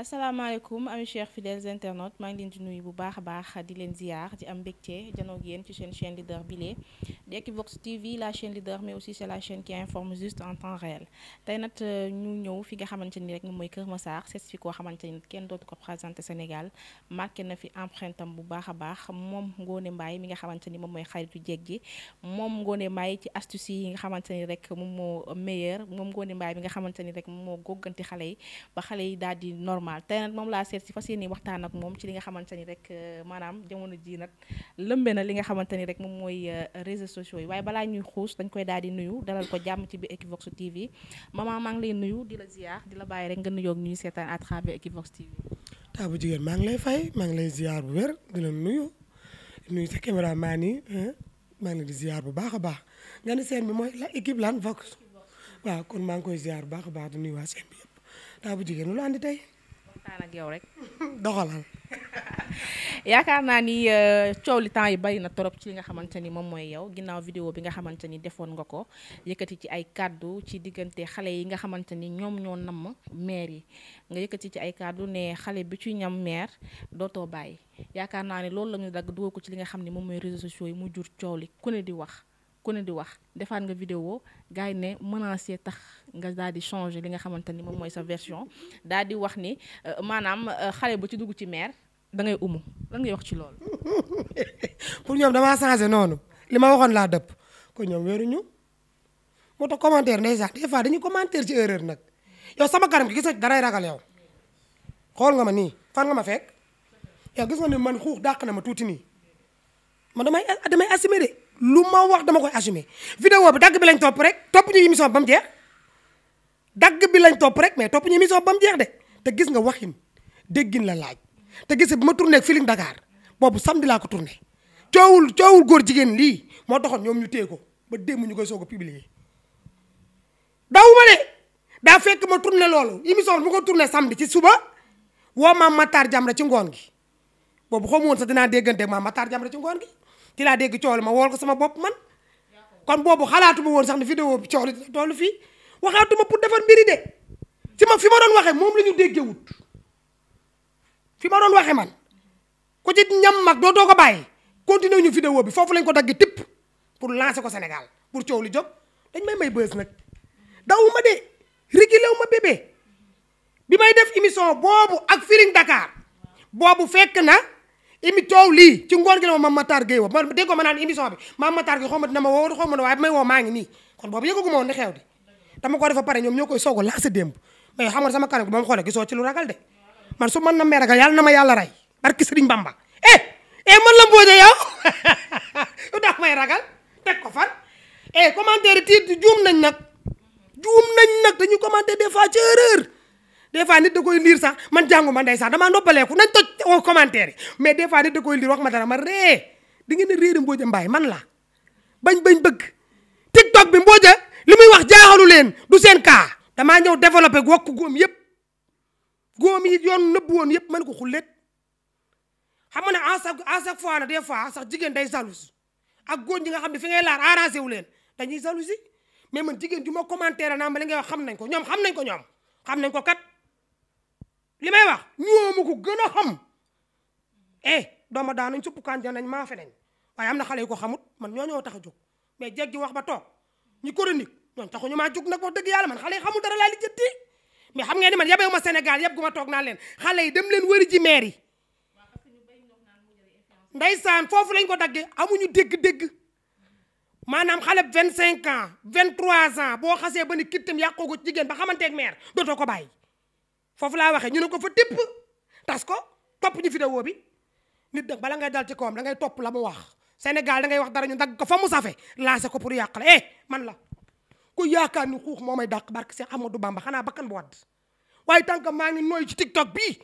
asalaamaaleykum ami cher fidèles internautes maa ngi leen di nuyu bu baax a baax di leen ziar di am mbégte janoog yéen ci seen chaîne leader bile di Equivox TV la chaîne leader mais aussi c'est la chaîne qui informe juste en temps réel tey nag euh, ñu ñëw fi nga xamante ni rek moom mooy Kër Massar seet fi koo xamante ni kenn dootu ko présenté Sénégal marqué na fi empreinte am bu baax a baax moom Ngoné Mbaye mi nga xamante ni moom mooy xaritu jeeg ji moom Ngoné Mbaye ci astuce yi nga xamante ni rek moom moo meilleur moom ngoone Mbaye mi nga xamante ni rek moom moo gógganti xale yi ba xale yi daal di normal normal tey nag moom laa seet si fas yéene waxtaan ak moom ci li nga xamante ni rek euh, maanaam jamono jii nag lëmbe na li nga xamante ni rek moom mooy euh, réseaux yi waaye ñuy xuus dañ koy daal di nuyu dalal ko jàmm ci bi Equivox TV maman maa ngi lay nuyu di la ziar di la bàyyi rek nga nuyoog ñuy seetaan à travers Equivox TV. taa bu jigéen maa ngi lay fay maa ngi lay ziar bu wér di la nuyu nuyu sa caméraman yi maa ngi leen di ziar bu baax a baax nga ne seen bi mooy la équipe lan Vox waaw kon maa ngi koy ziar bu baax a baax di nuyu waa seen bi yëpp taa bu jigéen lu andi tey. waxtaan yow rek. doxalal. yaakaar naa ni euh, coow li temps yi bari na torop ci li nga xamante ni moom mooy yow ginnaaw vidéo bi nga xamante ni defoon nga ko yëkkati ci ay kàddu ci diggante xale yi nga xamante ni ñoom ñoo namm maire yi nga yëkkati ci ay kàddu ne xale bi ci ñam maire dootoo bàyyi yaakaar naa ni loolu la ñu dagg dugal ko ci li nga xam ne moom mooy réseaux sociaux yi mu jur coow li ku ne di wax ku ne di wax defaat nga vidéo gars yi ne menacé tax nga daal di changer li nga xamante ni moom mooy sa version daal di wax ni euh, maanaam euh, xale ba ci dugg ci meer da ngay umu lan ngay wax ci loolu. pour ñoom damaa changé noonu li ma waxoon laa dëpp ko ñoom wéruñu moo tax commentaire ndey sax des fois dañuy commentaire ci erreur nag yow sama kanam gi gis nga daray ragal xool nga ma nii fan nga ma fekk yow man xuux dàq na ma tuuti nii man damay damay de. lu ma wax dama koy assumer vidéo bi dagg bi lañ topp rek topp ñu émission ba mu jeex dagg bi lañ topp rek mais topp ñu émission ba mu jeex de te gis nga waxin déggin la laaj te gis nga bi ma tourné ak Feeling Dakar boobu samedi laa ko tourné coowul coowul góor jigéen lii moo toxol ñoom ñu téye ko ba démb ñu koy soog a daw dawuma de daa fekk ma tourné loolu émission bi mu ko tourné samedi ci suba woo maam Matar Jamra ci ngoon gi boobu xamu woon sax dinaa déggante maam Matar Jamra ci ngoon gi ci laa dégg coow li ma wool ko sama bopp man kon boobu xalaatuma woon sax ne vidéo bi coow li dina toll fii waxaatuma pour defar mbiri de ci ma fi ma doon waxee moom la ñu déggewut fi ma roon waxe man ku ci ñam mag dootoo ko bàyyi continuer ñu vidéo bi foofu lañ ko dagg tipp pour lancer ko Sénégal pour coow li jóg dañ may may bës nag dawuma de rigilew ma bébé bi may def émission boobu ak Feeling dakaar boobu fekk na imi toow lii ci ngoon gi la ma Mame Matar Gueye woo ma dégg ko ma naan émission bi Mame Matar Gueye xaw ma dina ma woo xaw ma ne waaye bi may woo maa ngi nii kon boobu yëgaguma woon li xew di dama ko defa pare ñoom ñoo koy soog a lancé démb mais xam nga sama kanam gi ba ma xoolee gisoo ci lu ragal de man su man na mee ragal yàlla na ma yàlla rey barki Sëriñ Bamba eh eh man la mbooje yow lu tax may ragal teg ko fan eh commentaire tiit juum nañ nag juum nañ nag dañuy commenter des fois ci erreur des fois nit da koy liir sa man jàngu ma ndey sax damaa noppaleeku nañ toj au commentaire mais des fois nit da koy liir wax ma dara ma ree di ngeen ne réeri mbooja man la bañ bañ bëgg tiktok bi mbooja li muy wax jaaxalu leen du seen kaa damaa ñëw développé wokk góom yëpp góom yi yoon nëbbu woon yëpp man ko xulleet xam nga ne à chaque à chaque fois na des fois sax jigéen day jalouse ak góor ñi nga xam ne fi ngay laar arrangé wu leen dañuy jalousie mais man jigéen ji ma commentaire naa ma li ngay xam nañ ko ñoom xam nañ ko ñoom li may wax ñoomu ko gën a xam eh dooma daanañ supp kanja nañ maa nañ waaye am na xale yu ko xamut man ñoo ñoo tax a jóg mais jeg gi wax ba toog ñi chronique ñoon ñu maa jóg na wax dëgg yàlla man xale yi xamul dara laay lijjanti mais xam ngeen ni man yabewu ma Sénégal yëpp gu ma toog naan leen xale yi dem leen wëri ji maire yi ndeysaan foofu lañ ko daggee amuñu dégg-dégg maanaam xale vingt cinq ans vingt trois ans boo xasee ba ni kittam yàqoo ko jigéen ba xamanteeg maire dootoo ko bàyyi foofu laa waxe ñu ne ko fa tipp tas ko topp ñu vidéo bi nit nag bala ngay dal ci kawam da ngay topp la mu wax Sénégal dangay wax dara ñu dagg ko fa mu safe lancé ko pour yàq la eh, man la ku yaakaar ni xuux moo may dàq barke Cheikh du Bamba xanaa bakkan bu wadd waaye tant que maa ngi nooy ci TikTok bi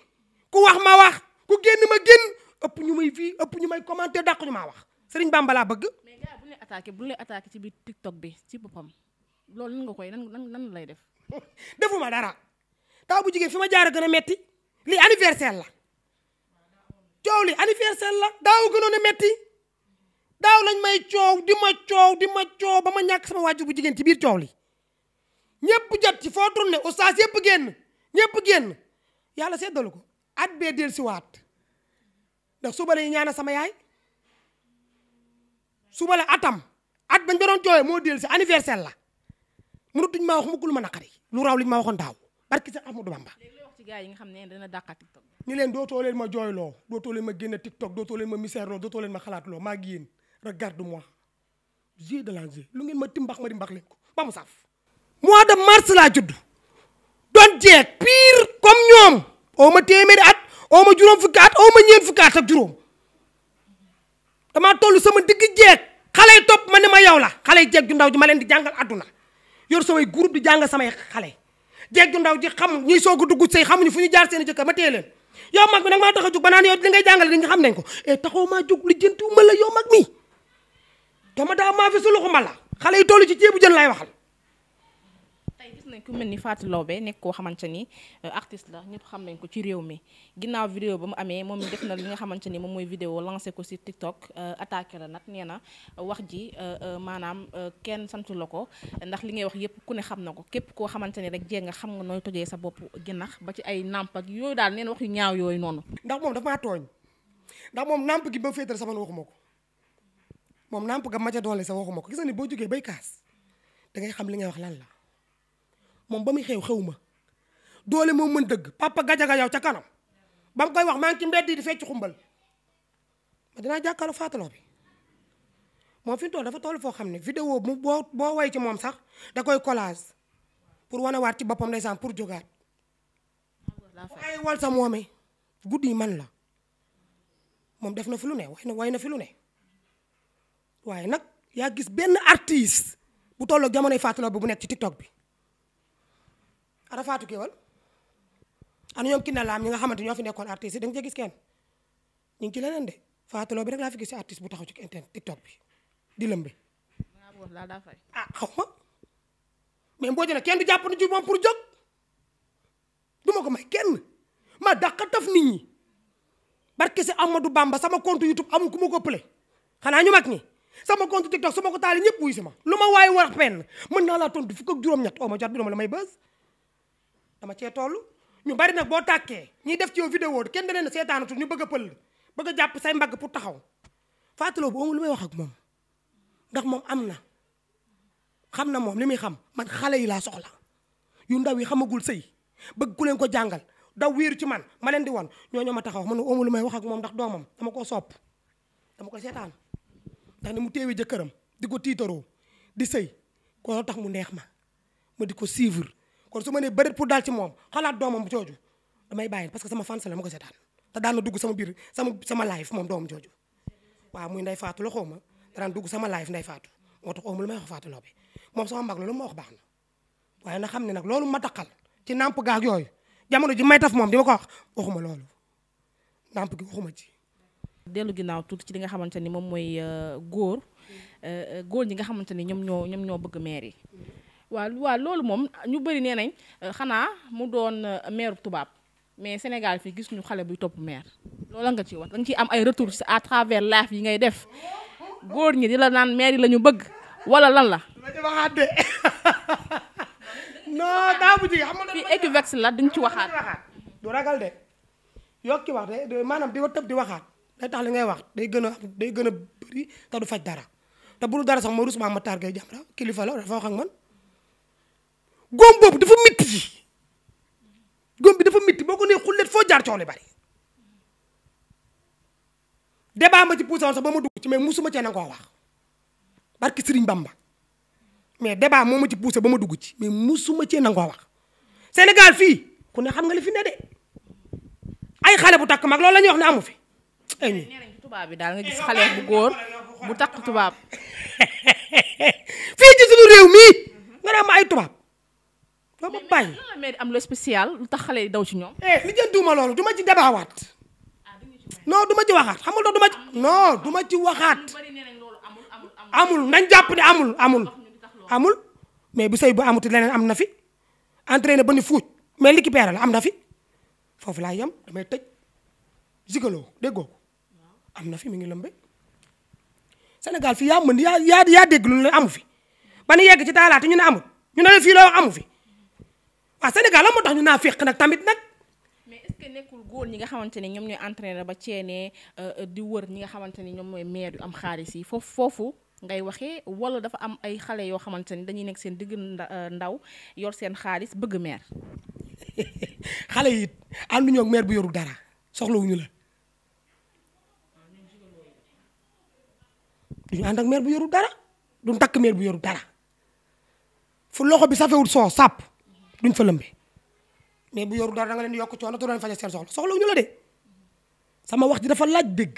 ku wax ma wax ku génn ma génn ëpp ñu may fii ëpp ñu may commenté dàq ñu maa wax Serigne Bamba laa bëgg. mais gars bu lay attaqué bu ñu lay attaqué ci biir TikTok bi ci boppam loolu nan nga koy nan nan lay def. defuma dara. taw bu jigéen fi ma jaar a gën a metti lii anniversaire la coow li anniversaire la daaw gënoon a metti daaw lañ may coow di ma coow di ma coow ba ma ñàkk sama waajur bu jigéen ci biir coow li ñëpp jot ci foo tourné oustaz yëpp génn ñëpp génn yàlla seddalu ko at bee del si waat ndax suba la ñu ñaana sama yaay suba la atam at bañ ba doon coowee moo del si anniversaire la mënatuñ maa wax mukk lu ma naqari lu raw liñ daaw barki sa Amadou Bamba. léegi yi nga xam ne dana dàqa leen dootoo leen ma jooyloo dootoo leen ma génn TikTok dootoo leen ma misèreloo dootoo leen ma xalaatloo maa ngi yéen regarde moi jus de l'ange lu ngeen ma timbax ma timbax leen ko ba mu saaf. mois de mars laa judd doon jeeg pire comme ñoom oo ma téeméeri at oo ma juróom fukki at oo ma ñeent fukki at ak juróom damaa toll sama digg jeeg xale yi topp ma ne ma yow la xale yi jeeg ju ndaw ji ma leen di jàngal àdduna yor samay groupe di jàngal samay xale. jéggi ndaw ji xam ñuy soog a dugg sëy xamuñu fu ñu jaar seen jëkkër ma téye leen yow mag mi nag maa tax a jug ba naan yow li ngay jàngale li nga xam nañ ko e taxaw maa jug lijjantiwuma la yow mag mi dama daa maa fi suluxu ma la xale ci ceebu jën lay waxal nañ ku mel ni Fatou Laobé nekk koo xamante ni euh, artiste la ñëpp xam nañ ko ci réew mi ginnaaw vidéo ba mu amee moom def na li nga xamante ni moom mooy vidéo lancé ko si TikTok euh, attaque la nag nee na wax ji euh, maanaam kenn santu la ko ndax li ngay wax yëpp ku ne xam na ko képp koo xamante ni rek jee nga xam nga nooy tojee sa bopp ginnax ba ci ay nàmp ak yooyu daal nee na wax yu ñaaw yooyu noonu. ndax moom dafa maa tooñ ndax moom nàmp gi ba féetal sama waxuma ko moom nàmp ga ma ca doole sa waxuma ko gis boo jógee bay kaas da ngay xam li ngay wax lan la moom ba muy xew xew ma doole moo mën dëgg papa gajaga yow ca kanam ba mu koy wax maa ngi ci mbedd di fecc xumbal ma dinaa jàkkaarloo faataloo bi moom fi mu toll dafa toll foo xam ne vidéo bu boo boo woy ci moom sax da koy collage pour wanawaat ci boppam ndeysaan pour jogaat waaye wal sa moome guddi man la moom def na fi lu ne way na way na fi lu ne waaye nag yaa gis benn artiste bu tolloo jamonoy faataloo bi bu nekk ci tiktok bi ana Fatou Guewel ana ñoom Kiné Lam ñi nga xamante ñoo fi nekkoon artistes yi da nga gis kenn ñu ngi ci leneen de Fatou Lo bi rek laa fi gis artiste bu taxaw ci internet TikTok bi di lëmbe. ah xaw ma mais Mbodj nag kenn du jàpp na ci moom pour jóg du ma ko may kenn ma dàqa taf nit ñi barke si Amadou Bamba sama compte YouTube amul ku ma ko pële xanaa ñu mag ñi. sama compte TikTok su ma ko taalee ñëpp wuy si ma lu ma waaye war penn mën naa laa tontu fukk ak juróom-ñett oo oh ma jot bi dama la may bës dama cee toll ñu bari nag boo tàkkee ñiy def ci yow vidéo kenn dana ne ñu bëgg a pël bëgg jàpp say mbagg pour taxaw Fatou bu lu may wax ak moom ndax moom am na xam na moom li muy xam man xale yi laa soxla yu ndaw yi xamagul sëy bëgg ku leen ko jàngal daw wéeru ci man ma leen di won ñooñu ma taxaw man amul lu may wax ak moom ndax doomam dama koo sopp dama ko seetaan ndax ni mu téewee jëkkëram di ko tiitaroo di sëy ko tax mu neex ma ma di ko suivre kon su ma nee bërit pour daal ci moom xalaat doomam jooju damay bàyyi parce que sama fans la ma ko seetaan te daan na dugg sama biir sama sama live moom doomam jooju waaw muy nday faatu la xaw ma daan dugg sama live nday faatu moo tax oom lu may wax faatu loo bi moom sama mbag loolu ma wax baax na waaye na xam ne nag loolu ma taqal ci nàmp gaag yooyu jamono ji may taf moom di ma ko wax waxuma loolu nàmp gi waxuma ci dellu ginnaaw tuuti ci li nga xamante ni moom mooy euh, góor euh, euh, góor ñi nga xamante ni ñoom ñoo ñoom ñoo bëgg maire yi waa waa loolu moom ñu bëri nee nañ euh, xanaa mu doon euh, maire tubaab mais Sénégal fii gis ñu xale buy topp maire la nga ciy wax da nga ciy am ay retour ci à travers laaf yi ngay def góor ñi di la naan maire yi lañu bëgg wala lan la. non daa bu ji xam nga. fii Equivox la duñ ci waxaat. du ragal de yokki wax de maanaam di ko tëb di waxaat day tax li ngay wax day gën a day gën a bëri te du faj dara te bu dul dara sax ma rus ma ma taar gay jàmm kilifa la dafa wax man. góom boobu dafa mitti ji góom bi dafa mitti boo ko nee xulleet foo jaar coow li bari débat ma ci puusawoon sax ba ma dugg ci mais musuma cee na koo wax barki Sëriñ Bamba mais débat moo ma ci puuse ba ma dugg ci mais musuma cee nangoo wax senegal fii ku ne xam nga li fi ne de ay xale bu takk mag loolu la ñuy wax ne amu fi. nee nañ tubaab bi daal nga gis xale bu góor bu takk tubaab. fii ci suñu réew mii nga ne am ay tubaab dama bàyyi mais mais am lu spécial lu tax xale yi daw ci ñoom. eh li jënd duuma loolu du ma ci dabaawaat. Ah, non du ma ci waxaat xam nga du ma ci. non du ma ci waxaat. amul nañ jàpp ne amul amul. amul mais bu sëy bu amuti leneen am na fi. entraîné ba ni fuuj mais li ki peere la am na fi foofu laa yem damay tëj zikaloo déggoo ko am na fi mi ngi lëmbe Sénégal fii yaa mën yaa yaa yaa dégg lu amu fi ba ni yegg ci taalaate ñu ne amul ñu ne fii la wax amu fi. ah Sénégal la moo tax ñu naa féq nag tamit nag. mais est que nekkul góor ñi nga xamante ne ñoom ñooy entraîner ba ceenee euh, di wër ñi nga xamante ne ñoom mooy maire yu am xaalis yi foofu foofu ngay waxee wala dafa am ay xale yoo xamante ni dañuy nekk seen digg euh, ndaw yor seen xaalis bëgg maire. xale yi it ànduñoo ak maire bu yorul dara soxlawuñu la. duñu ànd ak maire bu yorul dara du takk maire bu yorul dara fu loxo bi safewul soo sàpp. duñ fa bi mais bu yoru dara da leen di yokk coono te doon faje seen soxla soxla ñu la de sama wax ji dafa laj dégg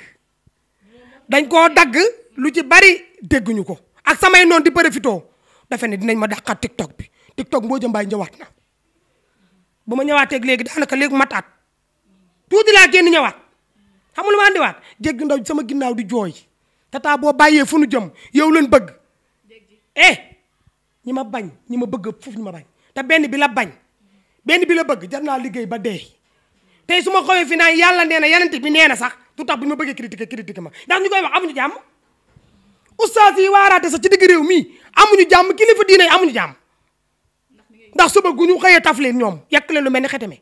dañ koo dagg lu ci bari dégguñu ko ak samay noon di profitoo dafe ne dinañ ma dàqaat tiktok bi tiktok mboo jëmbaay ñëwaat na bu ma ñëwaateeg léegi daanaka léegi mataat tuuti laa génn ñawaat xam nga lu ma andiwaat jéggi ndaw sama ginnaaw di jooy tata boo bàyyee fu nu jëm yow leen bëgg eh ñi ma bañ ñi ma bëgg fuuf ñi ma bañ te benn bi la bañ benn bi la bëgg jar naa liggéey ba dee tey su ma xoolee fi naa yàlla nee na yeneen bi nee na sax du tax bu ñu ma bëggee critiquer critiquer ma ndax ñu koy wax amuñu jàmm ustaas yi waaraate sax ci digg réew mii amuñu jàmm kilifa diine yi amuñu jàmm ndax suba gu ñu xëyee taf leen ñoom yàq leen lu mel ni xeteme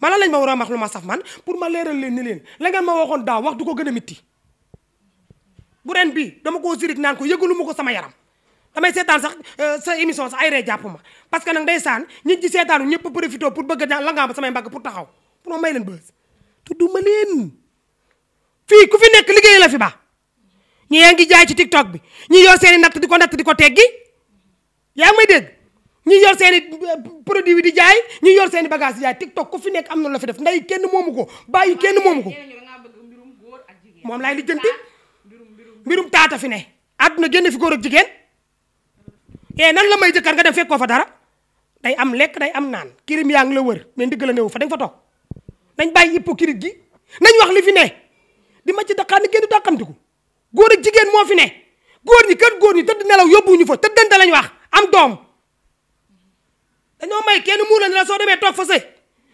man la lañ ma war a wax lu ma saf man pour ma leeral leen ni leen la ngeen ma waxoon daaw wax du ko gën a mitti bu ren bi dama koo sirik naan ko yëgalu ko sama yaram damay seetaan sax euh, sa émission sax ay ree jàpp ma parce que nag saan ñi ci seetaanu ñëpp profité pour bëgg a la ngaa ba samay mbagg pour taxaw pour ma may leen bës tudduma fii ku fi nekk liggéey la fi ba ñi ngi jaay ci tiktok bi ñi yor seen i natt di ko natt di ko teggi yaa ngi may dégg ñi yor seen i euh, produit bi di jaay ñi yor seeni i bagage di jaay ku fi nekk am na la fi def nday kenn moomu ko bàyyi kenn moomu ko moom laay lijjanti mbirum taata fi ne àdduna génn fi góor ak jigéen eh nan la may jëkkër nga dem fekkoo fa dara day am lekk day am naan kirim yaa ngi la wër mais ndigg la néew fa da nga fa toog nañ bàyyi hypocrite gi nañ wax li fi ne di ma ci daqaani génn dàqamtiku góor ak jigéen moo fi ne góor ñi kër góor ñi tëdd nelaw yóbbuñu fa tëddante lañ wax am doom dañoo may kenn muur la ne la soo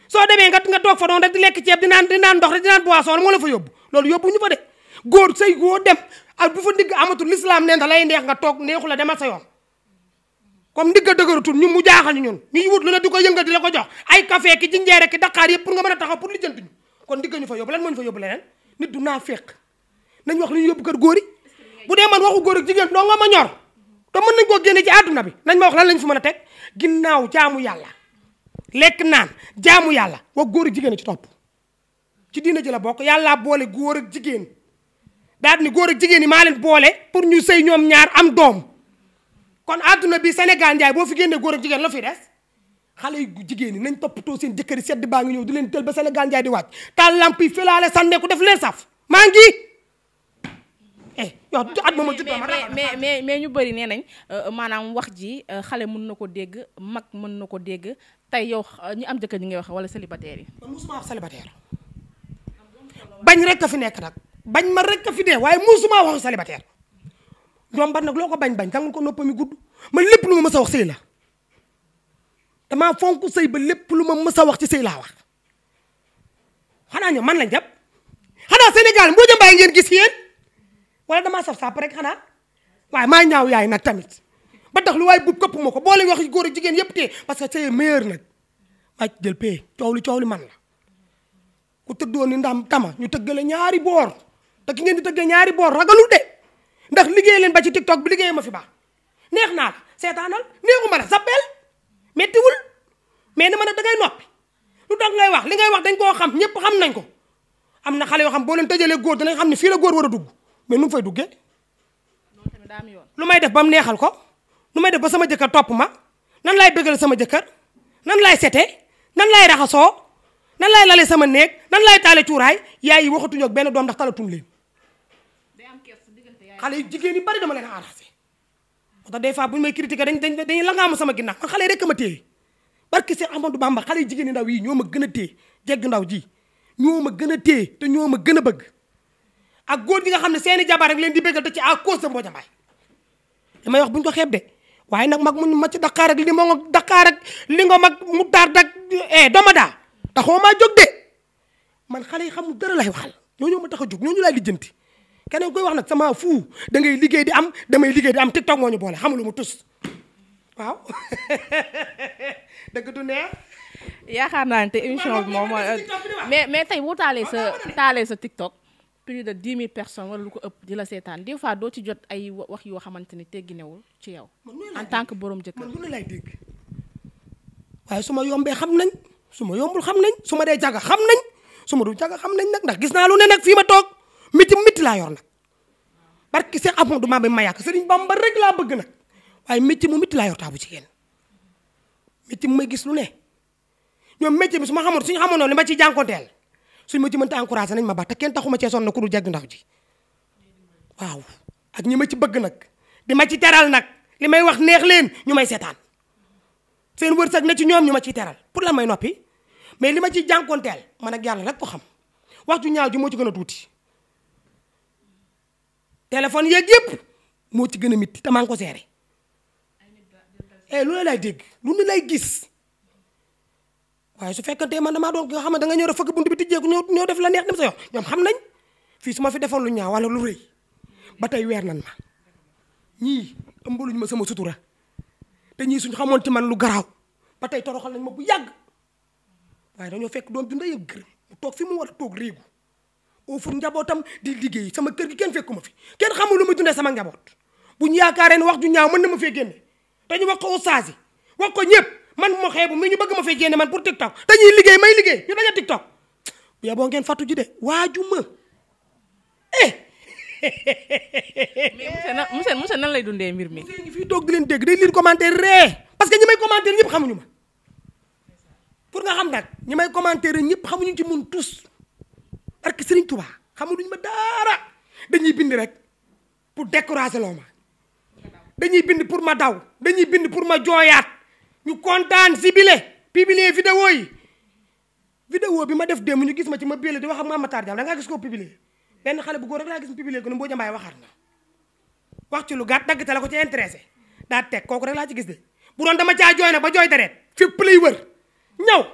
soo demee nga nga toog fa doon rek di lekk ceeb di naan di naan ndox rek di naan boisson moo la fa yóbbu loolu yóbbuñu fa de góor sey woo dem ak bu fa ndigg amatul l'islam neen da lay neex nga toog neexu la demal a yoon comme ndigg a dëgëratul ñun mu jaaxal ñun ñuy wut lu ne di ko yëngal di la ko jox ay café ki jinjeere ki daqaar yëpp pour nga mën a taxaw pour lijjanti ñu kon ndigg ñu fa yóbbu lan moo ñu fa yóbbu leneen nit du naa fekk nañ wax lu ñu yóbbu kër góor yi bu dee man waxu góor ak jigéen doo nga ma ñor te mën nañ koo génne ci àdduna bi nañ ma wax lan lañ fi mën a teg ginnaaw jaamu yàlla lekk naan jaamu yàlla wax góor ak jigéen ci topp ci diina ji la bokk yàllaa boole góor ak jigéen daal ni góor jigéen yi maa leen boole pour ñu sëy ñoom ñaar am doom kon àdduna bi Sénégal njaay boo fi génnee góor ak jigéen la fi des xale yu jigéen ñi nañ toppatoo seen jëkkëri sedd baa ngi ñëw di leen tël ba Sénégal njaay di wàcc taal lamp yi felaale sànneeku def leen saf maa ngi. eh yow at moom mais mais mais ñu bëri nee nañ euh, maanaam wax ji euh, xale mën na ko dégg mag mën na ko dégg tey yow euh, ñu am jëkkër ñi ngay wax wala célibataire yi. man musuma wax bañ rek ka fi nekk nag bañ ma rek ka fi dee waaye musuma wax célibataire jombat nag loo ko bañ bañ mu ko noppami gudd ma lépp lu ma mës a wax sëy la damaa fonk sëy ba lépp lu ma mës a wax ci sëy laa xanaa ñoom man lañ jàpp xanaa Sénégal mboo jëmbaay ngeen gis yéen wala dama saf sàpp rek xanaa waaye maa ñaaw yaay nag tamit ba tax lu waaye bu këpp ma ko boole wax góor ak jigéen yëpp tee parce que c'est meilleur nag maa jël pee coow li coow li man la ku tëddoon ni ndam tama ñu tëggale ñaari boor te ki ngeen di tëggee ñaari boor ragalul de ndax liggéey leen ba ci tiktok bi liggéey ma fi baax neex naa la seetaanal neexu ma la zappeel méttiwul mais ni ma nag da ngay noppi lu tax ngay wax li ngay wax dañ koo xam ñëpp xam nañ ko am na xale yoo xam boo leen tëjalee góor dinañ xam ne fii la góor war a dugg mais nu mu fay duggee. lu may def ba mu neexal ko lu may def ba sama jëkkër topp ma nan laay bëggal sama jëkkër nan laay sete nan laay raxasoo nan laay lale sama néeg nan laay taale cuuraay yaay yi waxatuñu benn doom ndax talatun leen xale yi jigéen yi bari dama leen arrangé moo tax des fa bu ñu may critiqué dañ dañ dañuy langaamu sama ginnaaw man xale rek ma téye barke Seex Ahmadou Bamba xale yu jigéen yi ndaw yi ñoo ma gën a téye jegg ndaw ji ñoo ma gën a téye te ñoo ma gën a bëgg ak góor gi nga xam ne seeni jabar rek leen di bëggal te ci à cause de Mbodja Mbaye li wax buñ ko xeeb waaye nag mag mu ma ci Dakar ak li ma ngoog Dakar ak li nga mag mu daar dak eh, dama daa taxoo maa jóg de man xale yi xamul dara lay waxal ñooñu ma tax a jóg ñooñu laay lijjanti keneen koy wax nag sama fuu da ngay liggéey di am damay liggéey di am tiktok moo ñu boole xamulu mu tus waaw dëgg du neex yaakaar naa ne te émission moom mais mais tey boo taalee sa taalee sa tiktok plus de dix mille personnes wala lu ko ëpp di la seetaan di fois doo ci jot ay wax yoo xamante ni tegginewul ci yow en tant que borom jëkkër man lu lay waaye su ma yombee xam nañ su ma yombul xam nañ su ma dee jaga xam nañ su ma dul jaga xam nañ nag ndax gis naa lu ne nag fii ma toog miti miti laa yor nag barki Seex Ahmadu maa ba ma yàq Sëriñ Bamba rek laa bëgg nag waaye métier mu métti laa yor ci jigéen métier mu ma gis lu ne ñoom métier bi su ma xamoon suñu xamoon li ma ciy ma ci mënta encouragé nañ ma baax te kenn taxuma cee sonn ku dul jag ndaw ji waaw ak ñi ma ci bëgg nag di ma ci teral nag li may wax neex leen ñu may seetaan seen wërsëg na ci ñoom ñu ma ciy teral pour la may noppi mais li ma ciy jànkonteel man ak yàlla rek ko xam wax ju ñaaw ji moo ci gën a tuuti téléphone yeeg yëpp moo ci gën a mitti te ko seere eh lu ne lay dégg lu ne lay gis waaye su fekkantee man damaa doon nga xam ne da nga ñëw a fëkk bunt bi tijjeeku ñëw ñëw def la neex dem sa yoon ñoom xam nañ fii su ma fi defoon lu ñaaw wala lu rëy ba tey weer nan ma ñii ëmbaluñ ma sama sutura te ñii suñ xamoon ci man lu garaaw ba tey toroxal nañ ma bu yàgg waaye dañoo fekk doom dunda ndey ak mu toog fi mu war a toog réegu uufut njabootam di liggéey sama kër gi kenn fekkuma fi kenn xamul lu muy dundee sama njaboot bu ñu yaakaaree ne wax ju ñaaw mën na ma fee génne dañu wax ko ustaas yi wax ko ñëpp man bu ma xeebu mi ñu bëgg ma fee génne man pour tiktok dañuy liggéey may liggéey ñu dañu tiktok bu yeboo ngeen fàttu ji de waaju ma eh. mais monsieur na monsieur monsieur nan lay dundee mbir mi. monsieur ngi fii toog di leen dégg day lire commentaire ree parce que ñi may commentaire ñëpp xamuñu ma pour nga xam nag ñi may commentaire ñëpp xamuñu ci mun tous. barke Serigne Touba xamaduñ ma dara dañuy bind rek pour décourager loo ma dañuy bind pour ma daw dañuy bind pour ma jooyaat ñu kontaan sibile bile publier vidéo bi ma def demu ñu gis ma ci ma biile di wax ak ma Matar Diaw da ngaa gis koo publier benn xale bu góor rek laa gis mu publier ko ne Mbodj Mbaye waxaat na wax ci lu gàtt dagg te la ko ci intéressé daa teg kooku rek laa ci gis de bu doon dama caa jooy nag ba jooy deret fépp lay wër ñaw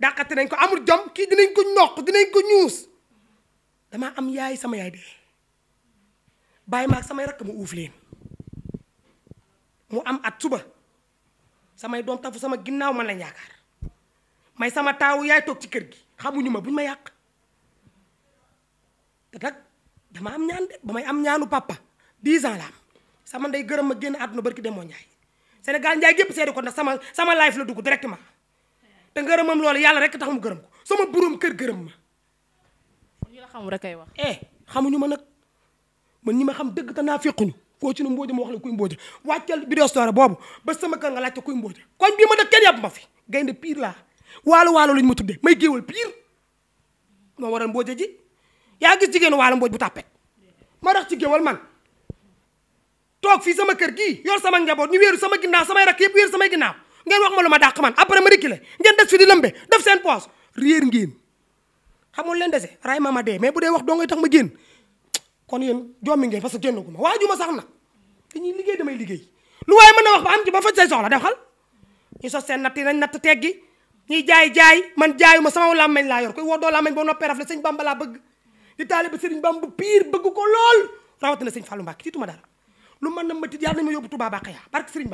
dàqati nañ ko amul jom kii dinañ ko ñoq dinañ ko ñuus damaa am yaay sama yaay dee bàyyi maag samay rakk mu uuf leen mu am at suba samay doom tafu sama ginnaaw man lañ yaakaar may sama taawu yaay toog ci kër gi xamuñu ma buñ ma yàq te nag dama am ñaan de ba may am ñaanu papa 10 ans sama ndey gërëm ma génn àdduna barki demoo Njaay Sénégal Njaay gépp seede ko ndax sama sama life la dugg directement te ngërëmam loolu yàlla rek tax mu gërëm ko sama borom kër gërëm ma. xam rek ay wax. eh xamuñu ma nag man ñi ma xam dëgg te naa fekkuñu koo ci nu mbooja ma wax la kuy mbooja wàccal bi restaurant boobu ba sama kër nga laajte kuy mbooja koñ bii ma dëkk kenn yàpp ma fi gaynde pire laa waalo waalo lañ ma tuddee may géewal pire moo waral mbooja ji yaa gis jigéenu waalo mbooj bu tàppet ma rax ci géewal man toog fii sama kër gii yor sama njaboot ñu wéeru sama ginnaaw samay rakk yëpp wéeru samay ginnaaw ngeen wax ma lu ma dàq man après ma reculer ngeen des fi di lëmbe def seen poos réer ngeen xamul leen dese ray ma ma dee mais bu dee wax doo ngay tax ma génn kon yéen jommi ngeen parce que génn gu ma waaju ma sax nag dañuy liggéey damay liggéey lu waaye mën na wax ba am ci ba faj say soxla def xal ñu sos seen natt yi nañ natt teggi ñuy jaay-jaay man jaayuma sama làmmeñ laa yor koy woo doo làmmeñ boo noppee raf la sëñ Bamba laa bëgg di taaliba sëriñ Bamba bu piir bëgg ko lool rawatina sëñ Fallou Mbacke tuma dara lu mën na ma tiit yàlla nañ ma yóbbu Touba Bakhiya barke sëriñ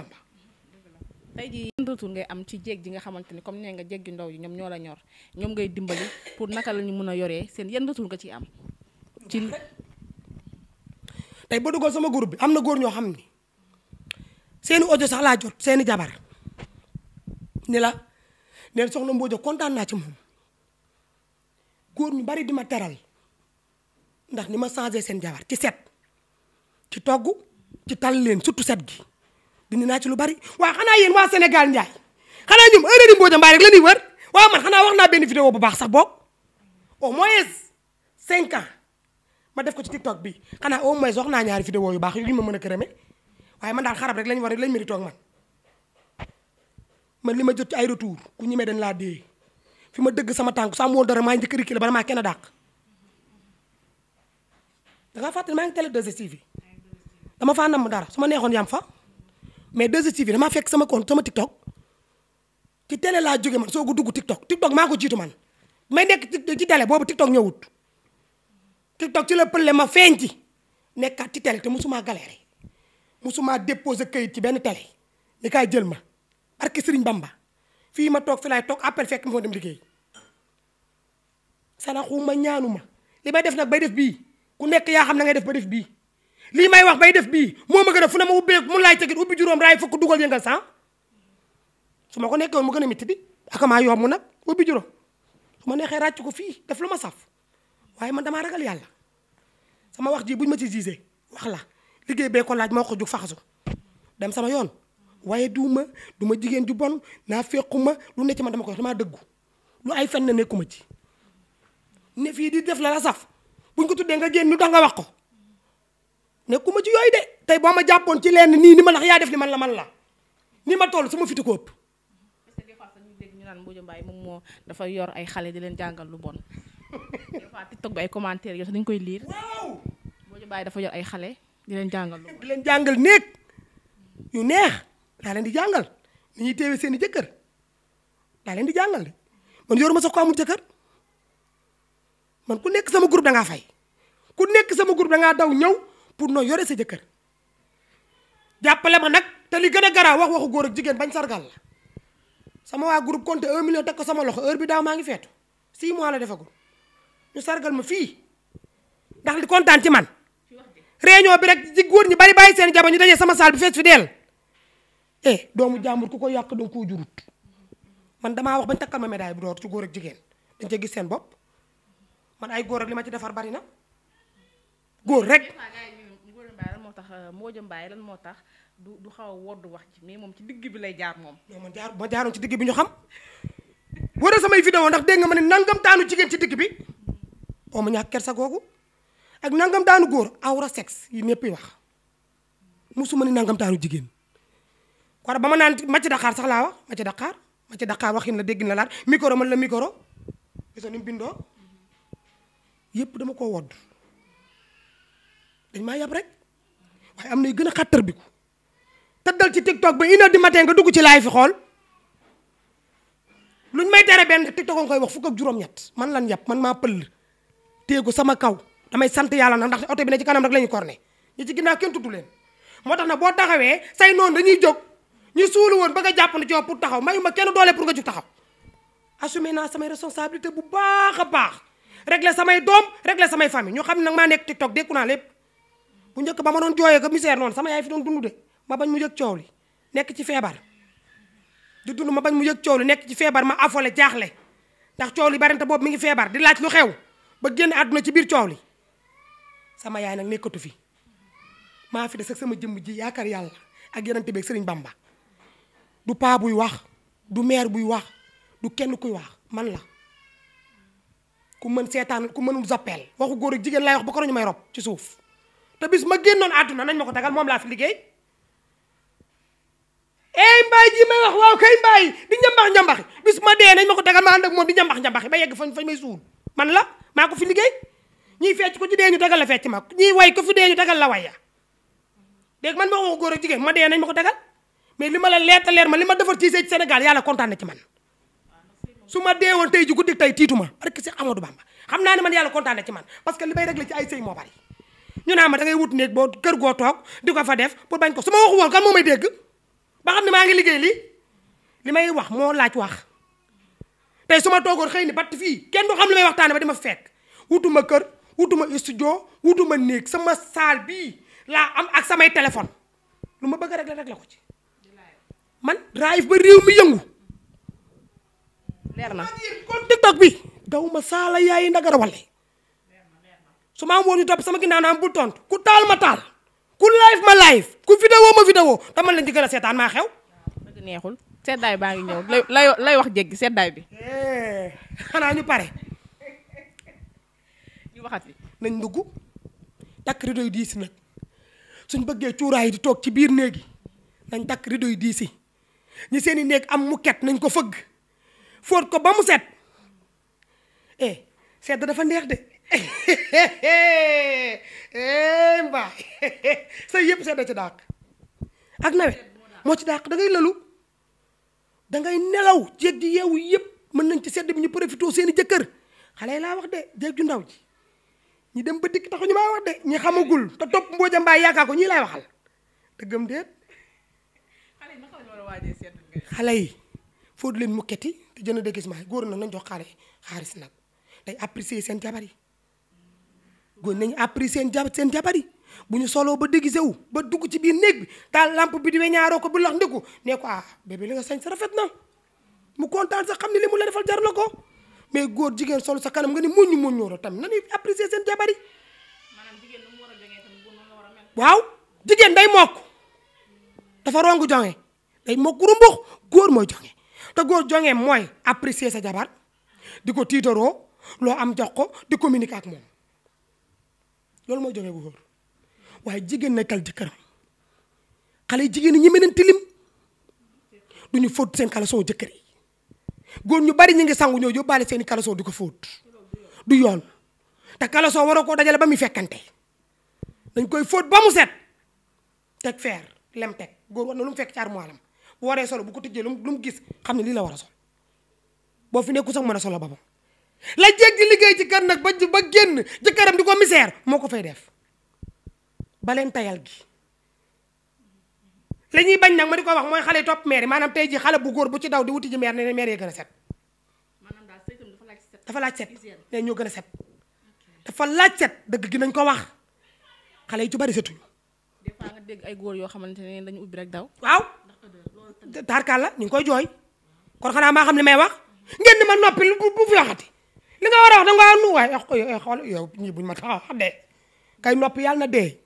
tay jii yan ngay am ci jéeg ji nga xamante ni comme nee nga jéeg ju ndaw yi ñoom ñoo la ñor ñoom ngay dimbali pour naka la ñu mën a yoree seen yan retour nga ciy am ci tey ba duggoon sama groupe bi am na góor ñoo xam ni seeni audio sax laa jot seeni jabar ni la neen soxla Mbodj kontaan naa ci moom góor ñu bari di ma teral ndax ni ma changé seen jabar ci set ci togg ci tal leen surtout set gi dindi naa ci lu bari waaw xanaa yéen waa Sénégal Ndiaye xanaa ñoom heure di Mbodja Mbaye rek waa ñuy wër man xanaa wax naa benn vidéo bu baax sax boog au moins 5 ans ma def ko ci TikTok bi xanaa au moins wax naa ñaari vidéo yu baax yu ñu ma mën a kërëme waaye man rek lañ war lañ mëri toog man man li ma jot ay retour ku ñemee dañ laa dee fi ma dëgg sama tànk saa moon dara maa njëkk rikki la bala maa kenn dàq da ngaa fàttali maa ngi télé 2STV dama faa namm dara su ma neexoon yam fa mais 2STV damaa fekk sama compte sama TikTok ci tele laa jóge man soo ko dugg TikTok TikTok maa ko jiitu man may nekk ci télé boobu TikTok ñëwut TikTok ci la pëlle ma feeñ ci nekkaat ci télé te musuma galéré musuma déposé kayit ci benn télé ni kaay jël ma barke Serigne Bamba fii ma toog fi laay toog appel fekk ma foo dem liggéey ñaanu ma li may def nag bay def bii ku nekk yaa xam na ngay def ba def bii lii may wax bay def bii moo ma gën a fu ne ma ubbee mu laay tegit ubbi juróom raay fukk dugal yëngal sang su ma ko nekkee woon mu gën a métti di akamaa yomb nag ubbi juróom su ma neexee ràcc ko fii def lu ma saf waaye man damaa ragal yàlla sama wax ji buñ ma ci gisee wax la liggéey bee ko laaj ma wax ko jug faxasu dem sama yoon waaye duuma du ma jigéen ju bon naa fekkuma lu ne ci ma dama ko wax damaa dëggu lu ay fen na nekkuma ci ne fii di def la la saf buñ ko tuddee nga génn da nga wax ko nekkuma ci yooyu de tey boo ma jàppoon ci lenn nii ni ma ndax yaa def li man la man la ni ma toll sama ma ko ëpp. parce que des fois moom moo dafa yor ay xale di leen jàngal lu bon ay commentaires yoo xam koy liir. waaw Mbodia dafa yor ay xale di leen jàngal lu leen jàngal néeg yu neex daa leen di jàngal ni ñuy teewee seen i jëkkër daa leen di jàngal man yoruma sax ko amul jëkkër. man ku nekk sama groupe da ngaa fay ku nekk sama groupe da daw ñëw pour noo yore sa jëkkër jàppale ma nag te li gën a garaaw wax waxu góor ak jigéen bañ sargal la sama waa groupe compté un million teg ko sama loxo heure bi daaw maa ngi feetu six mois la defagul ñu sargal ma fii ndax li kontaan ci man réunion bi rek ci góor ñi bari bàyyi seen jabar ñu dajee sama saal bi fees fi deel eh doomu jàmbur ku ko yàq danga koo jurut man damaa wax bañ takkal ma médaille bi door ci góor ak jigéen dañ ca gis seen bopp man ay góor ak li ma ci defar bari na góor rek waaye moo tax euh, Mbodia Mbaye lan moo tax du du xaw a wodd wax ji mais moom ci digg bi lay jaar moom. non man jaar ma jaaroon ci digg bi ñu xam wara samay vidéo ndax dégg nga ma ne nangam taanu jigéen ci digg bi oo ma ñàkk kersa googu ak nangam daanu góor awra sexe yi ñëpp wax musuma ni nangam taanu jigéen. kon ba ma naan ma ci Dakar sax laa wax ma ci Dakar ma ci Dakar waxin la déggin la laat micro man la micro gisoo ni mu bindoo yëpp dama koo wodd dañ maa yab rek waaye am na yu gën a xàttar bi ko te ci tiktok ba une di du matin nga dugg ci laay fi xool ñu may tere benn tiktok nga koy wax fukk ak juróom-ñett man lan yàpp man maa pël téegu sama kaw damay sant yàlla na ndax oto bi ne ci kanam rek la ñu corné ñi ci ginnaaw kenn leen moo tax na boo taxawee say noonu dañuy jóg ñu suulu woon ba nga jàpp ne ci pour taxaw mayu ma kenn doole pour nga jug taxaw assumé naa samay responsabilité bu baax a baax réglé samay doom la samay famille ñu xam ne nag maa nekk tiktok dékku naa lépp bu njëkk ba ma doon jooyee ko misère noonu sama yaay fi doon dund de ma bañ mu yëg coow li nekk ci feebar di dund ma bañ mu yëg coow li nekk ci feebar ma affolé jaaxle ndax coow li barante boobu mi ngi feebar di laaj lu xew ba génn àdduna ci biir coow li sama yaay nag nekkatu fi maa fi des ak sama jëmm ji yaakaar yàlla ak yeneen beeg sëriñ Bamba du paa buy wax du meer buy wax du kenn kuy wax man la ku mën seetaan ku mënul zappeel waxu góor ak jigéen laay wax ba ko ci suuf te bis ma génnoon na nañ ma ko tagal moom laa fi liggéey ey mbaay ji may wax waaw kay mbaay di njambax njambaxi bis ma dee nañ ma ko tagal ma ànd ak moom di njambax njambaxi ba yegg fañ fañ may suul man la maa ko fi liggéey ñiy ko ci dee ñu tagal la ma ñiy way ko fi dee ñu tagal la waya dégg man ma wax góor ak jigéen ma dee nañ ma ko tagal mais li ma la leer te leer ma li ma defar ci sëy Sénégal yàlla kontaan na ci man su ma dee woon tey ji guddi tey tiitu ma parce que Amadou Bamba xam naa ne man yàlla kontaan na ci man parce que li may réglé ci ay sëy moo bari ñu naan ma dangay wut néeg boo kër goo toog di ko fa def pour bañ ko su ma waxu woon kan moo may dégg ba xam ne maa ngi liggéey li li may wax moo laaj wax tey su ma toogoon xëy ni batt fii kenn du xam li may waxtaane ba dima fekk wutuma kër wutuma studio wutuma néeg sama saal bii laa am ak samay téléphone lu ma bëgg rek la rek la ko ci man raayif ba réew mi yëngu leer na kon tiktok bi daw ma saala yaayi ndagarawale su ma am woon ñu topp sama ginnaaw naa am bul tontu ku taal ma taal ku live ma live ku vidéo ma vidéo dama leen di gën a seetaan maa xew. neexul seddaay baa ngi ñëw lay lay wax jéggi seddaay bi. Eh, xanaa ñu pare. ñu waxati nañ dugg takk rido yu diis nag suñ bëggee cuuraay di toog ci biir néeg yi nañ takk rido yu diis yi ñi seen i néeg am mu ket nañ ko fëgg fóot ko ba mu set eh sedd dafa neex de. mbaay say yëpp sedda ci dàq ak nawet moo ci dàq da ngay lalu dangay nelaw jéeg ji yeewu yëpp mën nañ ci sedd bi ñu profité seen i jëkkër xale yi laa wax de jéeg ju ndaw ji ñi dem ba dikk taxu ñu maa wax de ñi xamagul te topp mbooja mbaay yaakaar ko ñii laay waxal te gëm déet xale yi foofu leen mu keti te jënd de gis maay góor na nañ jox xale xaalis nag day apprécier seen jabar yi góor nañu appris seen ja seen jabar yi bu ñu soloo ba déguisé wu ba dugg ci biir néeg bi taal lampe bi di weñaaroo ko bu lax ndëkku ne ko ah bébé li nga sañ sa rafet na mu kontaan sax xam ne li mu la defal jar na ko mais góor jigéen solo sa kanam nga ne muñu muññooro tamit nañuy apprécier seen jabar yi waaw jigéen day mokk dafa rongu jonge day mokk rumbux góor mooy jonge te góor jonge mooy apprécier sa jabar di ko tiitaroo loo am jox ko di communiquer ak moom loolu mooy joŋe bu wóor waaye jigéen nekkal jëkkëram xale yi jigéen ñi ñeme tilim du ñu fóot seen kalason jëkkër góor ñu bari ñu ngi sangu ñoo yóbbaale seen i kalason di ko fóot du yoon te kalason waroo koo dajale ba muy fekkante dañ koy fóot ba mu set teg feer lem teg góor war na lu mu fekk ci armoire am bu waree solo bu ko tijjee lu mu gis xam ne lii la war a sol boo fi nekku sax ma a solo ba la jéeg di liggéey ci kër nag ba ba génn jëkkëram di ko misère moo ko fay def baleen tayal gi la ñuy bañ nag ma di ko wax mooy xale topp maire maanaam tey ji xale bu góor bu ci daw di wuti ji maire ne maire yi gën a set dafa laaj set ne ñoo gën a set dafa laaj set dëgg gi nañ ko wax xale yi ci bari setuñu des fois nga dégg ay góor yoo xamante ne dañu ubbi rek daw waaw tarkaal la ñu ngi koy jooy kon xanaa maa xam li may wax ngeen ma noppi bu fi waxati li nga war a wax da nga war a nuwaay yow eh, xool yow ñii buñ ma taxaw wax ah, de noppi yàlla na dee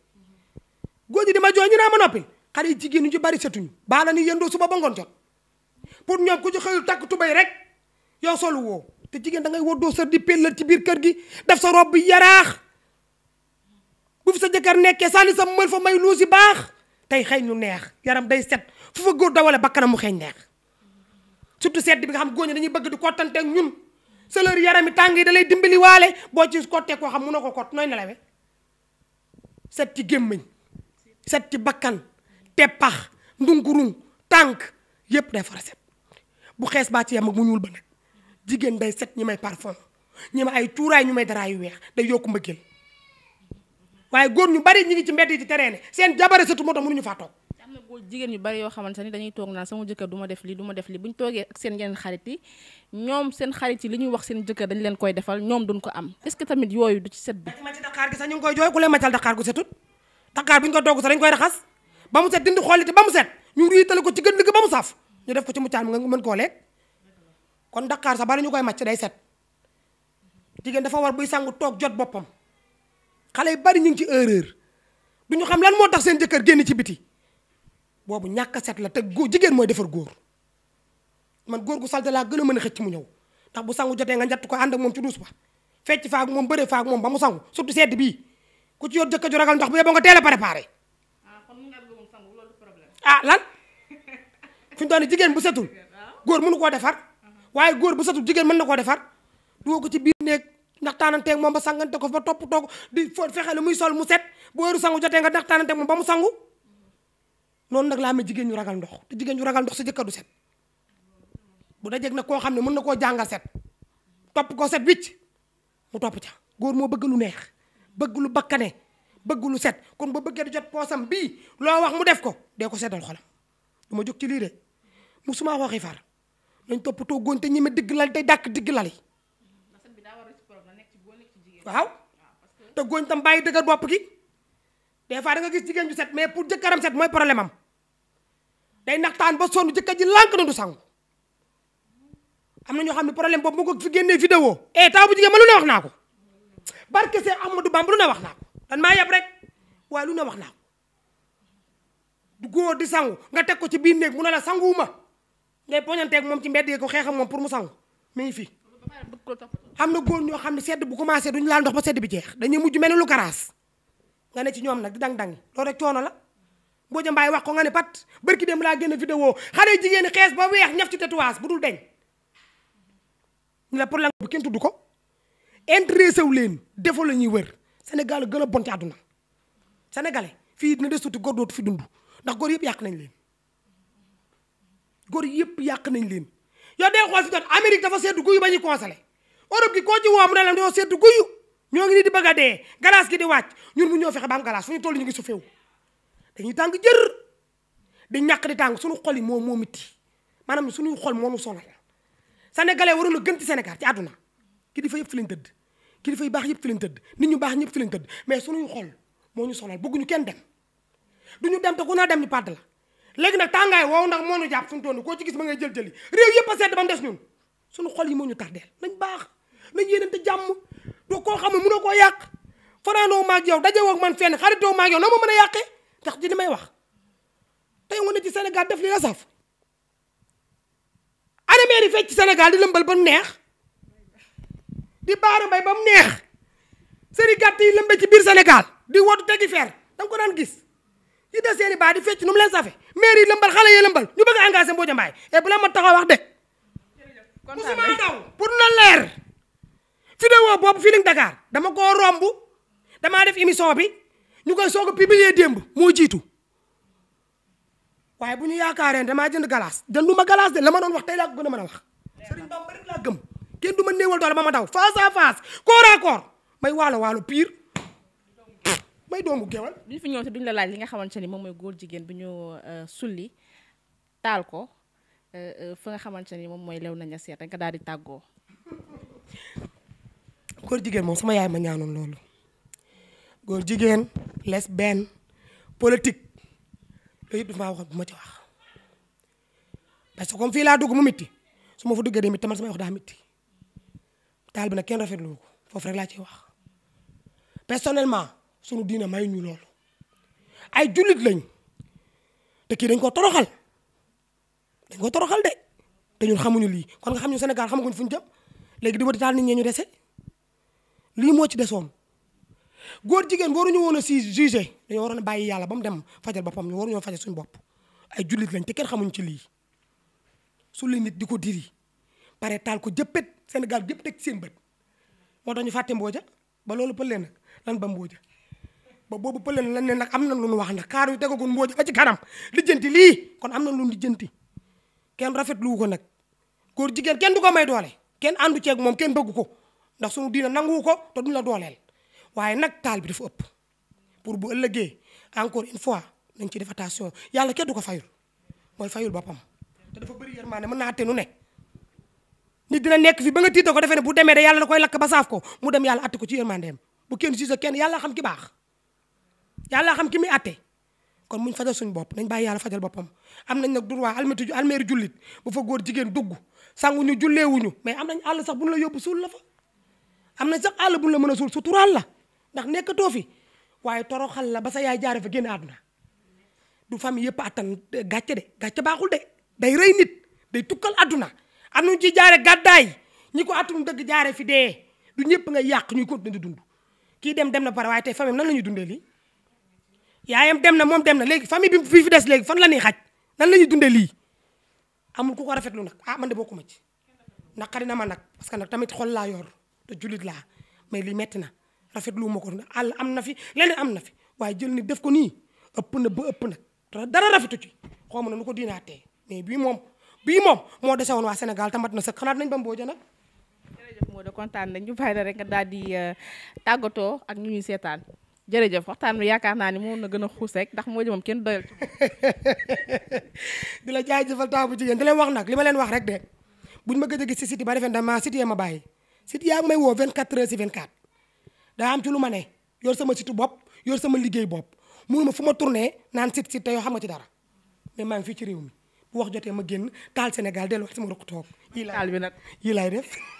góor ñi dama jooy ñu naa ma noppi yi jigéen ñu ci bari setuñu baa la ni yëndoo suba ba ngoon jot pour ñoom ku ci xëyul takk tubéy rek yow solu woo te jigéen da ngay woddoo sër di pellal ci biir kër gi def sa rob bi yaraax bu fi sa jëkkër nekkee sànni sa mël fa may luusi baax tey xëy ñu neex yaram day set fu fa góor dawale bakkana kanamu xëy neex surtout sedd bi nga xam góor ñi dañuy bëgg di kottante ak ñun sëlër yaram tàng yi da lay dimbali waale boo ci kottee koo xam na ko kott nooy nelawe set ci gémmiñ set ci bakkan teppax ndunkurung tànk yépp day fara set bu xees baa ci yam ak mu ñuul ba nag jigéen day set ñi may parfum ñi ma ay cuuraay ñu may dara yu weex day yokk mbëggeel waaye góor ñu bari ñi ngi ci mbedd yi ci terrain seen jabare sëtu moo tax mënuñu faa toog déggoo jigéen yu bari yoo xamante ni dañuy toog naan sama jëkkër du ma def li du ma def li bu ñu toogee ak seen yeneen xarit yi ñoom seen xarit yi li ñuy wax seen jëkkër dañ leen koy defal ñoom duñ ko am est-ce que tamit yooyu du ci set bi ma ñu koy jooy ku leen macal daqaar gu setut daqaar bu ñu ko togg sax dañ koy raxas ba mu set dindi xoolite ba ko ci gën dëgg ba ko ci kon daqaar sax bari ñu koy macc day set jigéen dafa war buy sangu toog jot boppam xale yi bari ñu ngi ci erreur ñu xam lan moo tax seen jëkkër génn ci biti boobu ñàkk a set la te góor jigéen mooy defar góor man góor gu salte laa gën a mën a xëcc mu ñëw ndax bu sangu jotee nga njatt ko ànd moom ci duus ba fecc faak moom bëre faak moom ba mu sangu surtout sedd bii ku ci yor jëkkër ju ragal ndox bu yeboo nga teel a préparé ah, ah lan fi ñu doon jigéen bu setul góor mënu koo defar uh-huh. waaye góor bu setul jigéen mën na koo defar duwoo ko ci biir néeg ndaxtaanante ak moom ba sangante ko ba topp toog di fexe lu muy sol mu set bu heure sangu jotee nga ndaxtaanante ak moom ba mu sangu noonu nag laa amee jigéen ñu ragal ndox te jigéen ñu ragal ndox sa jëkkër du set bu dajeg nag koo xam ne mën na koo jàngal set topp koo set wicc mu topp ca góor moo bëgg lu neex bëgg lu bakkane bëgg lu set kon ba bëggee du jot poosam bii loo wax mu def ko dee ko seddal xolam du ma jóg ci lii de musuma waxi far nañ toppatoo góon te ñeme digg lal te dàkk digg lal yi waaw te góon tam bàyyi dëgër bopp gi des fois da nga gis jigéen ju set mais pour jëkkëram set mooy problème am day naxtaan ba sonn jëkkër ji lànk na du sangu am na ñoo xam ne problème boobu moo ko fi génnee vidéo eh taw bu jigéen ma lu ne wax naa ko barke Seex Ahmadou Bamba lu ne wax naa ko dan maa yab rek waaye lu ne wax naa ko du góor di sangu nga teg ko ci biir néeg mu ne la sanguwuma ngay poñanteeg moom ci mbedd yi ko xeexam moom pour mu sangu mi ngi fi. am na góor ñoo xam ne sedd bu commencé duñu laal ndox ba bi jeex dañuy mujj mel ni nga ne ci ñoom nag di dang-dang yi loolu rek coono la Mbodia Mbaye wax ko nga ne pat barki dem laa génn vidéo xale jigéen xees ba weex ñaf ci tatouage bu dul deñ ñu la problème bi kenn tudd ko intéressé wu leen defoo la ñuy wër Sénégal gën a bon ci àdduna sénégalais fii dina des tuuti góor dootu fi dund ndax góor yëpp yàq nañ leen góor yëpp yàq nañ leen yow deel xool fi doon Amérique dafa seddu guyu ba ñuy conseillé Europe gi koo ci woo mu ne la ñoo seddu ñoo ngi nii di bëgg a dee galaas gi di wàcc ñun mu ñoo fexe ba am galaas fu ñu toll ñu ngi su feew dañuy tàng di ñàkk di tàng suñu xol yi moo moo miti maanaam suñuy xol moo nu sonal sénégalais waroon a gën ci Sénégal ci àdduna kilifa yëpp fi lañ tëdd kilifa yu baax yëpp fi lañ tëdd nit ñu baax ñëpp fi lañ tëdd mais suñuy xol moo ñu sonal bëgguñu kenn dem ñu dem te ku naa dem ñu pàdd la léegi nag tàngaay woow ndax moo ñu jàpp suñu toll koo ci gis ma ngay jël jëli réew yëpp a sedd ba mu des ñun suñu xol yi moo ñu tardeel nañ baax nañ jàmm doo koo xam ne mënoo koo yàq fanaanoo maag yow dajewoo ak man fenn xaritoo maag yow noo ma mën a yàqee tax di li may wax tey nga ci Sénégal def li la saf animaire yi fecc ci Sénégal di lëmbal ba neex di baara mbay ba mu neex sëri gàtt yi lëmbe ci biir Sénégal di wotu tegi fer danga ko daan gis yi de baa di fecc nu mu leen safe maire yi lëmbal xale yi lëmbal ñu bëgg engagé Mbodia Mbaye et eh, ma taxaw wax de musuma daw pour na leer vidéo boobu Feeling Dakar dama koo romb damaa def émission bi ñu koy soog a publier démb moo jiitu waaye bu ñu yaakaaree damaa jënd galaas jënduma galaas de la ma doon wax tey laa ko gën a mën a wax. Serigne Bamba rek laa ba ma daw face à face corps may waalo waalo pire may doomu géwal. bu ñu fi ñëw te duñ la laaj li nga xamante ni moom mooy góor jigéen bu ñu euh, sulli taal ko euh, euh, fa nga xamante ni moom mooy lew nañ a seet rek nga daal di tàggoo. góor jigéen moom sama yaay ma ñaanoon loolu góor jigéen lesbienne politique loolu yëpp dafa maa waxoon bu ma ci wax parce que comme fii laa dugg mu mitti su ma fa duggee day mitti man samay wax daa mitti taal bi nag kenn rafetlu ko foofu rek laa ciy wax personnellement sunu diina may ñu loolu ay jullit lañ te kii dañ ko toroxal dañ ko toroxal de te ñun xamuñu lii kon nga xam ñu Sénégal xamaguñ fu ñu jëm léegi di wër taal nit ñee ñu dese lii moo ci desoon góor jigéen waruñu woon a si jugé dañoo waroon a bàyyi yàlla ba mu dem fajal boppam ñu waruñoo fajal suñu bopp ay jullit lañ te kenn xamuñ ci lii su li nit di ko diri pare taal ko jëppët Sénégal gépp teg bët moo tax ñu fàtte mbooja ba loolu pële nag lan ba mbooja ba boobu pële na lan ne nag am na lu ñu wax nag kaar yu ko mbooja ba ci kanam lijjanti lii kon am na lu lijjanti kenn rafetlu ko nag góor jigéen kenn du ko may doole kenn àndu ceeg moom kenn bëgg ko ndax suñu diina nanguwu ko te duñ la dooleel waaye nag taal bi dafa ëpp pour bu ëllëgee encore une fois nañ ci def attention yàlla kenn du ko fayul mooy fayul boppam te dafa bëri yërmaane mën naa àtte nu ne nit dina nekk fi ba nga tiita ko defee ne demee de yàlla da koy lakk ba saaf ko mu dem yàlla àtte ko ci yërmaandeem bu kenn si sa kenn yàlla xam ki baax yàlla xam ki muy atte kon muñ fajal suñu bopp nañ bàyyi yàlla fajal boppam am nañ nag droit almetu almeeri jullit bu fa góor jigéen dugg sanguñu julleewuñu mais am nañ àll sa buñ la yóbbu suul la am na sax àll bu la mën a suul suturaal la ndax nekkatoo fi waaye toroxal la ba sa yaay jaare fa génn àdduna du famille yëpp attan eh, gàcce de gàcce baaxul de day rey nit day tukkal àdduna am nañu ci jaare gàddaay ñi ko attanum dëgg jaare fi dee du ñëpp nga yàq ñuy continuer di dund kii dem dem na pare waaye tey famille nan la ñuy dundee lii yaayam dem na moom dem na léegi famille bi fii fi des léegi fan la ñuy xaj nan la ñuy dundee lii amul ku ko rafetlu nag ah man de bokkuma ci naqari na ma nag parce que nag tamit xol laa yor te jullit laa mais li metti na rafetlu ma ko àll am na fi leneen am na fi waaye jël ni def ko nii ëpp na bu ëpp na dara rafetu ci xaw ma na lu ko diinaatee mais bii moom bii moom moo dese woon waa Sénégal tamat na sax xanaat nañ ba mbooja nag. jërëjëf Modou kontaan nañ ñu bàyyi rek daal di euh, tàggatoo ak ñu ñuy seetaan jërëjëf waxtaan bi yaakaar naa ni moom na gën a xuus rek ndax moo jë moom kenn doyal ci di la jaay jëfal taabu jigéen di leen wax nag li ma leen wax rek de buñ ma gëj a gis si site ba defee dama site ma bàyyi site yaa ngi may woo 24 heures si 24 daa am ci lu ma ne yor sama site bopp yor sama liggéey bopp ma fu ma tourné naan site site te yoo xam nga ci dara mais maa ngi fii ci réew mi bu wax jotee ma génn taal Sénégal delluwaat sama rëq toog. yi laay taal bi yi laay def.